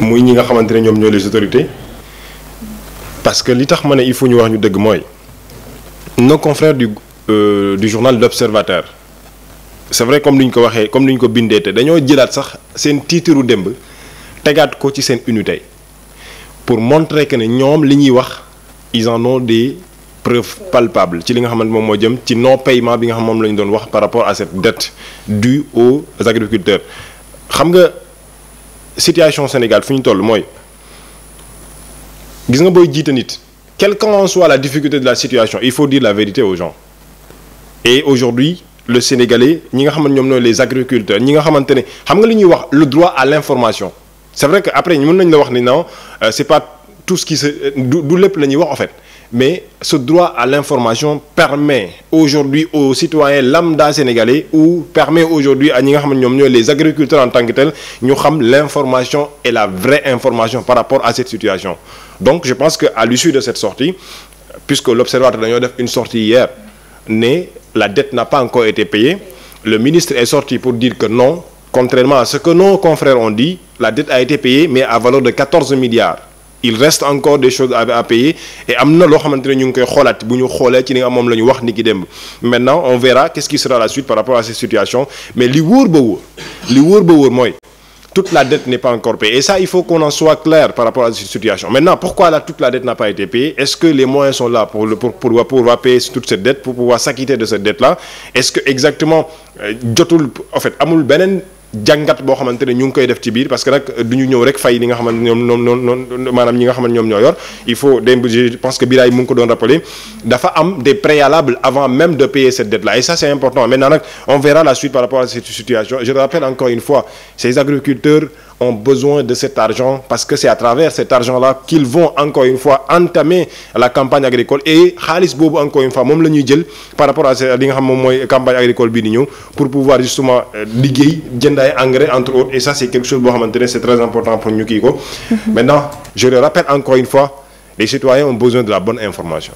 muy ñi nga xamante ne ñoom ñooy les autorités parce que li tax ma ne il faut ñu wax ñu dëgg mooy nos confrères du euh, du journal l'Observateur c'est vrai comme ni ñu ko waxee comme li ñu ko bindee te dañoo jëlaat sax seen titre démb tegaat ko ci seen unité pour montrer que ne ñoom li ñuy wax ils en ont des preuves palpables ci li nga xamante moom moo jëm ci no paiement bi nga xam moom la ñu doon wax par rapport a cette dette du aux agriculteurs xam nga. situation Sénégal fu ñu toll mooy gis nga booy jiite nit que qu'en soit la difficulté de la situation il faut dire la vérité aux gens et aujourd'hui le Sénégalais ñi nga xamante ñoom nooy les agriculteurs ñi nga xamante ne xam nga li ñuy wax le droit à l'information c'est vrai que après mën nañ la wax ni non euh, c'est pas tout ce qui se du lépp la ñuy wax en fait mais ce droit à l'information permet aujourd'hui aux citoyens lambda sénégalais ou permet aujourd'hui à ñi nga xam ne ñoom ñooy les agriculteurs en tant que tels ñu xam l'information et la vraie information par rapport à cette situation donc je pense que à l'issue de cette sortie puisque l'observateur dañoo def une sortie hier ne la dette n'a pas encore été payée le ministre est sorti pour dire que non contrairement à ce que nos confrères ont mais à valeur de 14 milliards il reste encore des choses à payer et am na loo xamante ne ñu ngi koy xoolaat bu ñu xoolee ci li nga moom la ñu wax ni ki démb maintenant on verra qu'est-ce qui sera la suite par rapport à cette situation mais li wóor ba wóor li wóor ba wóor mooy toute la dette n'est pas encore payée et ça il faut qu'on en soit clair par rapport à cette situation maintenant pourquoi là toute la dette n'a pas été payée est-ce que les moyens sont là pour pouvoir payer jàngat boo xamante ne ñu ngi koy def ci biir parce que nag du ñu ñëw rek fay li nga xamante ñoom ñoom noonu maanaam ñi nga xamante ñoom ñoo yor il faut démb pense que Biray mu ngi ko doon rappeler dafa am des préalables avant même de payer cette dette là et ça c'est important maintenant nag on verra la suite par rapport à cette situation je rappelle encore une fois ces agriculteurs ont besoin de cet argent parce que c'est à travers cet argent-là qu'ils vont encore une fois entamer la campagne agricole et xaalis boobu encore une fois moom la jël par rapport à li nga xam mooy campagne agricole bii di ñëw pour pouvoir justement euh, liggéey jënd engrais entre autres et c'est quelque chose boo xamante ne c'est très important pour ñu kii ko maintenant je le rappelle encore une fois les citoyens ont besoin de la bonne information.